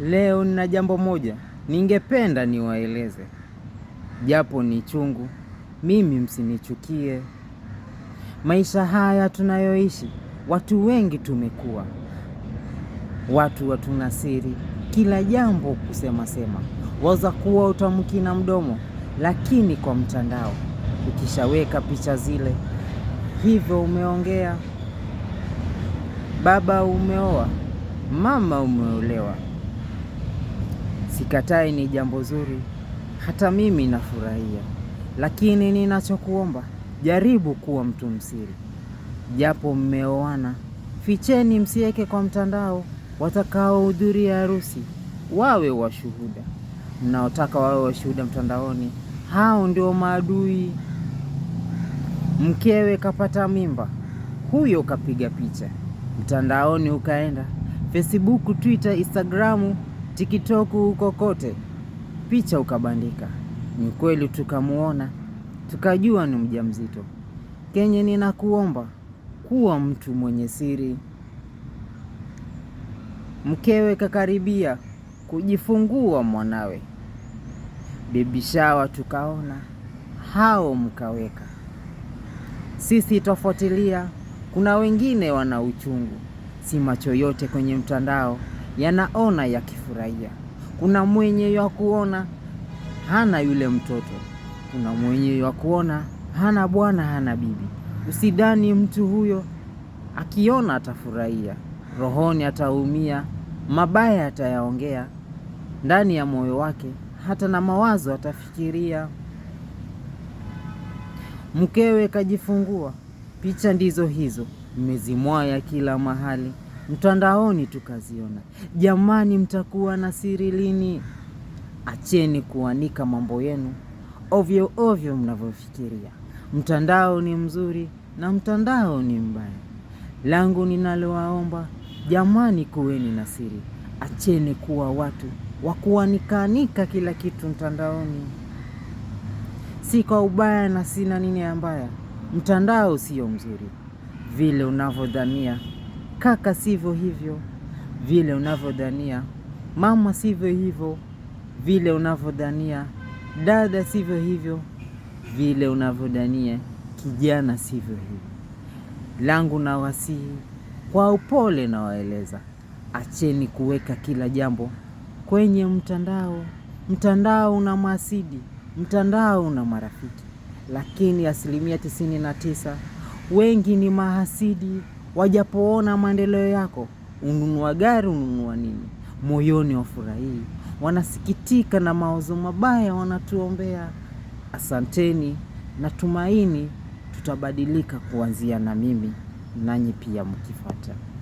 Leo nina jambo moja ningependa niwaeleze, japo ni chungu. Mimi msinichukie. Maisha haya tunayoishi, watu wengi tumekuwa watu watuna siri, kila jambo kusemasema, waza kuwa utamki na mdomo, lakini kwa mtandao ukishaweka picha zile hivyo, umeongea, baba umeoa, mama umeolewa Sikatai, ni jambo zuri, hata mimi nafurahia, lakini ninachokuomba jaribu kuwa mtu msiri. Japo mmeoana, ficheni, msieke kwa mtandao. Watakaohudhuria harusi wawe washuhuda, mnaotaka wawe washuhuda mtandaoni, hao ndio maadui. Mkewe kapata mimba, huyo kapiga picha mtandaoni, ukaenda Facebook, Twitter, Instagramu TikTok huko kote, picha ukabandika. Ni kweli tukamuona, tukajua ni mjamzito. Kenye ninakuomba kuwa mtu mwenye siri. Mkewe kakaribia kujifungua mwanawe, bebi shawa tukaona, hao mkaweka. Sisi twafuatilia, kuna wengine wana uchungu, si macho yote kwenye mtandao yanaona yakifurahia. Kuna mwenye wa kuona hana yule mtoto, kuna mwenye wa kuona hana bwana hana bibi. Usidhani mtu huyo akiona atafurahia, rohoni ataumia, mabaya atayaongea ndani ya moyo wake, hata na mawazo atafikiria. Mkewe kajifungua, picha ndizo hizo, mezimwaya kila mahali mtandaoni tukaziona. Jamani, mtakuwa na siri lini? Acheni kuanika mambo yenu ovyo ovyo mnavyofikiria. Mtandao ni mzuri na mtandao ni mbaya. Langu ninalowaomba jamani, kuweni na siri, acheni kuwa watu wa kuanikaanika kila kitu mtandaoni. Si kwa ubaya na sina nini ya mbaya, mtandao sio mzuri vile unavyodhania. Kaka sivyo hivyo vile unavyodhania. Mama sivyo hivyo vile unavyodhania. Dada sivyo hivyo vile unavyodhania. Kijana sivyo hivyo. Langu na wasihi kwa upole na waeleza, acheni kuweka kila jambo kwenye mtandao. Mtandao una mahasidi, mtandao una marafiki, lakini asilimia tisini na tisa wengi ni mahasidi wajapoona maendeleo yako. Ununua gari, ununua nini? Moyoni wafurahii, wanasikitika na mawazo mabaya wanatuombea. Asanteni, natumaini tutabadilika kuanzia na mimi, nanyi pia mkifata.